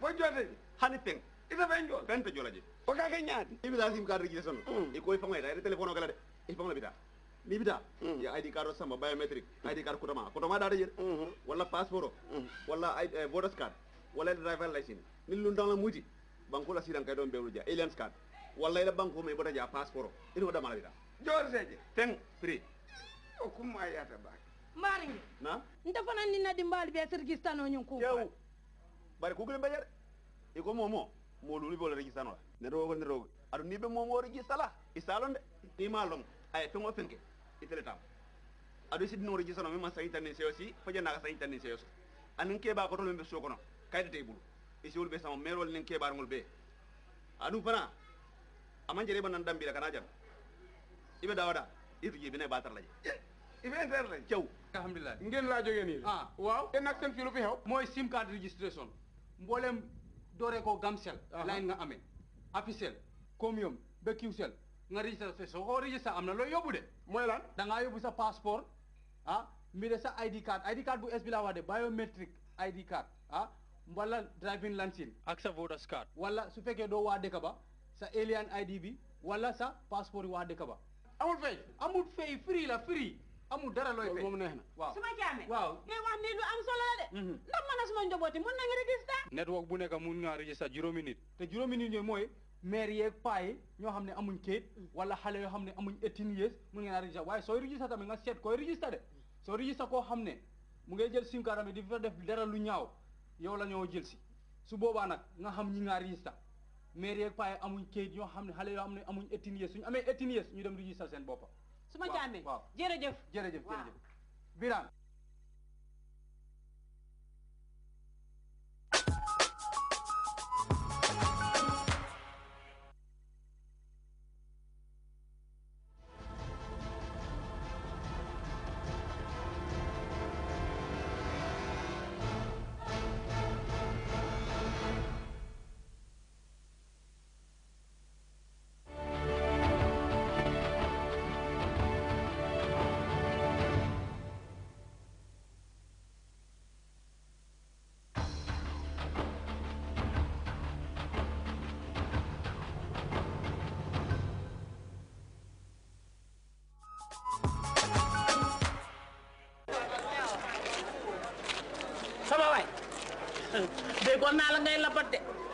fo jonde hani peng ita ben jol ben to jolaji o ka ke nyaati ibi da sim card ji sono e ko fa ngoyta e telefono gala de e fa ngola bita ni bita hmm. ya id card sama biometric id card kutama kutama da de hmm. wala passport hmm. wala eh, voter card wala driver license ni lu ndala muti bankola sidan kay don bewlu ja aliens card wala ila banko me bota ja passport ina wada mala bita jor seje teng pri o oh, kuma ayata ba maringe na ndafana ni na dimbali be sirgistano nyin ko bare kukulen be e ko momo moolu ni bolo regista no la neto ko neto aɗo ni ɓe momo regista la i salon de nima lom aye feŋ o feŋ ke itele tam aɗo sidino regista no mema sañi tannin seyo si fo jannaka sañi tannin seyo so anin keɓa kotol men ɓe suo kono kaydete bulu i siwol ɓe sama mairol nin keɓargol ɓe aɗum fana aman jere banan nan dambila kana jam iɓe dawaɗa itu jebina e batar laje iɓe intere la cew alhamdulillah ngen la jogeni waaw e nak sen filu fi xew moy sim card registration mbooleem dooree koo gamsel line nga amee afisel comium ba kiwsel nga registré sa soo ko am na looy yóbbu de mooy lan da ngaa sa passeport ah mbi sa ID card ID card bu es bi laa wax de biometric ID card ah driving licence ak sa voters card wala su fekkee doo waa dëkk ba sa alien ID bi wala sa passeport yi waa dëkk ba amul fay amul fay free la free amul dara looy moom neex na waaw su ma jaamee waaw ngay wax ni lu am solo la de mhm. ndax man a suma njabooti mun nañu register network bu nekk mun nga register juróomi nit te juróomi nit ñooy mooy maire yeeg paa ñoo xam ne amuñ kayit wala xale yoo xam ne amuñ eighteen years mun ngeen a register waaye sooy register tamit nga seet koy register de soo register koo xam ne mu ngay jël sim card di fa def dara lu ñaaw yow la ñoo jël si su boobaa nag nga xam ñi nga register maire yeeg paa amuñ kayit ñoo xam ne xale yoo xam ne amuñ eighteen suñu amee eighteen years ñu dem register seen boppam su ma jaamee jërëjëf jërëjëf jërëjëf Birane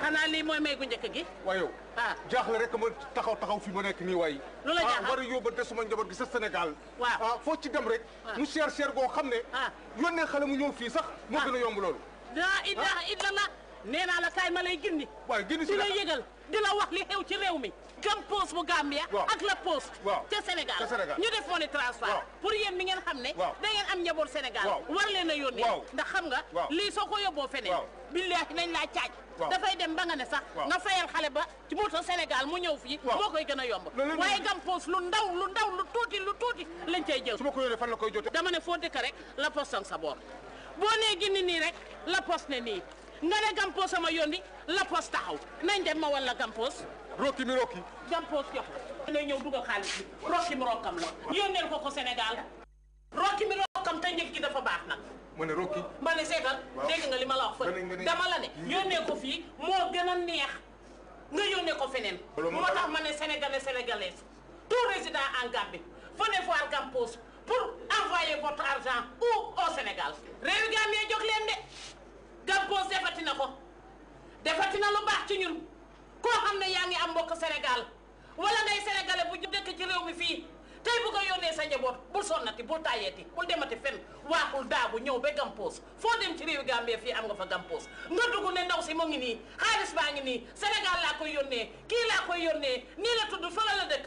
xanaa lii mooy may gu njëkk gi. waaw yow ah. jaaxle rek ma taxaw taxaw fi ma nekk nii waay. lu la ah, jaaxal war a yóbbante suma njaboot gi sa Sénégal. waaw ah foo ci dem rek. Ah. mu cher cher goo xam ne. yónnee xale mu ñëw fii sax. moo gën a yomb loolu. ah laa ilaaha illallah nee naa la kaay ma lay gindi. waaye gindi si la di yëgal. di la wax li xew ci réew mi. comme poste bu Gambia. ak la poste. ca Sénégal ñu def money transfert. pour yéen mi ngeen xam ne. da ngeen am njaboot Sénégal. war leen a yónnee. ndax xam nga. lii soo ko yóbboo feneen. billaahi nañ laa caaj. dafay dem ba nga ne sax. nga fayal xale ba ci moto Sénégal mu ñëw fii. moo koy gën a yomb. waaye gam poste lu ndaw lu ndaw lu tuuti lu tuuti lañ cay jël. su ma ko yónnee fan la koy jotee. dama ne foo dëkk rek la poste sa boor boo nee gis nii rek la poste ne nii nga ne Gampos ma yónni la poste taw nane dem ma walla Gampos. Rocky mi roki Gampos jox la. ñëw dugal xaalis bi Rocky mi rokam la yónneel ko ko Sénégal Rocky mi rokam te njëg gi dafa bax nak mané roki mané ma ne dégg nga li ma la wax fa dama la ne yónnee ko fi mo gëna a neex nga yónnee ko fenen motax mané sénégalais sénégalais tout résident en Gambie venez voir Gampos pour envoyer votre argent ou au Sénégal. réew Gambie jox leen dé Gargoz defati na ko defati na lu baax ci ñun koo xam ne yaa ngi am mbokk Sénégal wala ngay sénégalais bu dëkk ci réew mi fii tey bu ko yónnee sa njaboot bul sonnati bul tàyyeeti bul demati fenn waaxul daagu ñëw ba Gampoos foo dem ci réewu Gambie fii am nga fa Gampoos nga dugg ne ndaw si mu ngi nii xaalis baa ngi nii Sénégal laa koy yónnee kii laa koy yónnee nii la tudd fële la dëkk.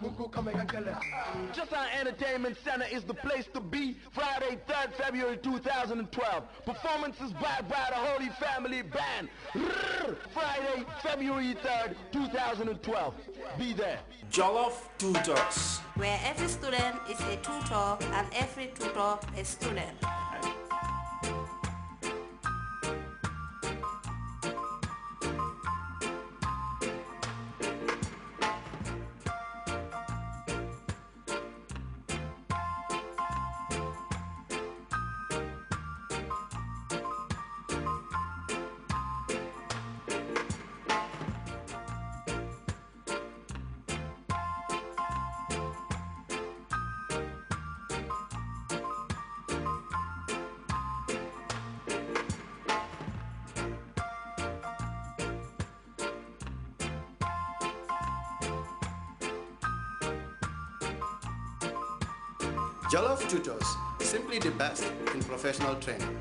mungu ah, ah. Just Our Entertainment Center is the place to be. Friday, 3rd February 2012. Performances by by the Holy Family Band. Friday, February 3rd, 2012. Be there. Jollof Tutors. Where every student is a tutor and every tutor a student. Jollof Tutors, simply the best in professional training.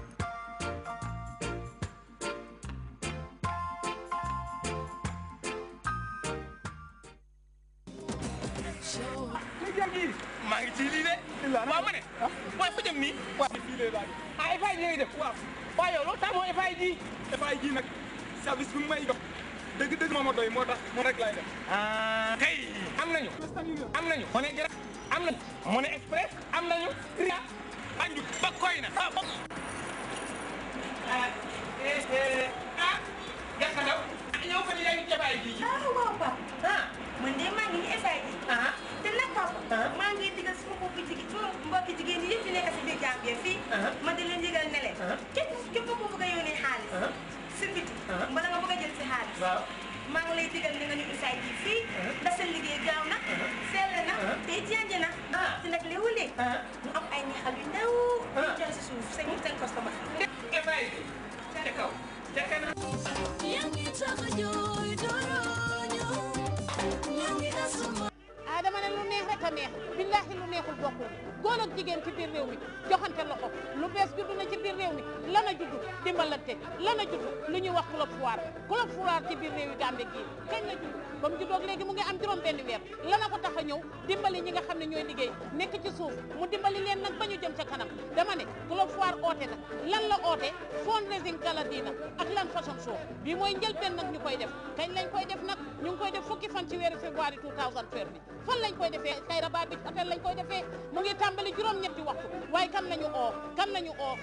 service bi mu may jox dëgg dëgg doy moo tax rek laay def. nañu. ne Jaraaf am nañu mu ne Express am nañu Ria Banjul ba koy na ah bokk. ah Yakhya Ndao ah yow fan yaa ngi jabaay ji ji. ah waaw ah, ngi nii essay ji. ah te nag papa. Ah. maa si biir Gambie fii. Ah. ma di leen yëgal ne leen. képp képp ku bëgg a yónnee xaalis. si biti. mbala nga a jël xaalis. maa ngi lay digal ne nga ñu usaay ji fii ndax uh-huh. seen liggéey gaaw uh-huh. uh-huh. te janj na te nag léewu léeg am ay neexal yu ndaw yu jël si suuf seen seen customer efay ca kaw ca kanam yaa ngi tax a jooy dorooñu yaa ngi asuma ah dama ne lu neex rek a neex billahi lu neexul góor ak jigéen ci biir réew mi joxante loxo lu bees juddu na ci biir réew mi lan a juddu dimbalante lan a juddu lu ñuy wax club foire club foire ci biir réew yi Gambie gii kañ la juddu ba mu juddoog léegi mu ngi am juróom benn weer lana ko tax a ñëw dimbali ñi nga xam ne ñooy liggéey nekk ci suuf mu dimbali leen nag ba ñu jëm ca kanam dama ne club foire oote na lan la oote fundraising kala diina ak lan façon show bi mooy njëlbeen nag ñu koy def kañ lañ koy def nag amoon ci weeru février 2020 fan lañ koy defee Kairaba ba bi hôtel lañ koy defee mu ngi tàmbali juróom-ñetti waxtu waaye kan lañu oo kan lañu oo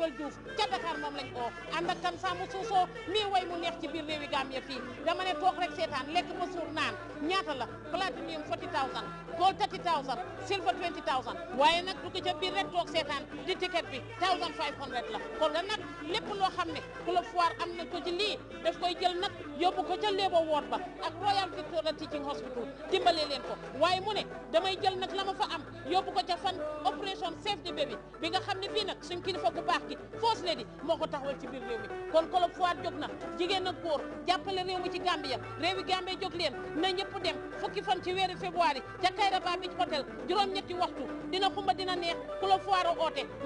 géwél Diouf ca Dakar moom lañ oo ànd ak tam sàmm suusoo mii way mu neex ci biir réewi Gambia fii dama ne toog rek seetaan lekk ma suur naan ñaata la platinum forty thousand gold thirty thousand silver twenty thousand waaye nag dugg a biir rek toog seetaan di ticket bi thousand five hundred la kon nag lépp loo xam ne club foire am na ko ci lii daf koy jël nag yóbbu ko ca Labour Ward ba ak Royal Victoria Teaching Hospital dimbale leen ko waaye mu ne damay jël nag la fa am yóbbu ko ca fan opération Save the Baby bi nga xam ne fii nag suñ kilifa gu baax gi First Lady moo ko taxawal ci biir réew mi kon Kolop Fuad jóg na jigéen ak góor jàppale réew mi ci Gambia réewi Gambie jóg leen na ñëpp dem fukki fan ci weeru février ca Kairaba Beach Hotel juróom-ñetti waxtu dina xumba dina neex Kolop Fuad a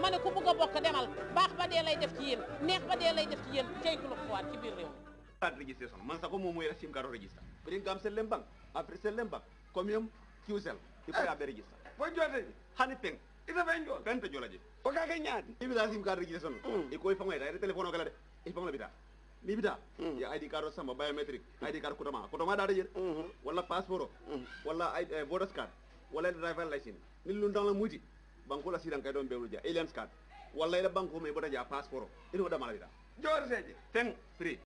ma ne ku bugg a demal baax ba ba dee lay def ci yéen cey Kolop Fuad ci biir réew card registration man sa ko mo moy sim card register brin gam sel lembang après sel lembang commune qsel il faut eh, yabe register bo jote hani peng ita ben jol ben to jolaje o oh, ka ga nyaati ibi sim card registration e koy fangoy da telephone kala de e fangoy bita ni bita ya id card sama biometric id card kutama kutama da da yer hmm. wala passeport hmm. wala eh, voters card wala driver license ni lu ndang la muti banko la sidan kay don bewlu ja aliens card wala ila banko me boda ja passeport ina wada mala bita jor seje teng free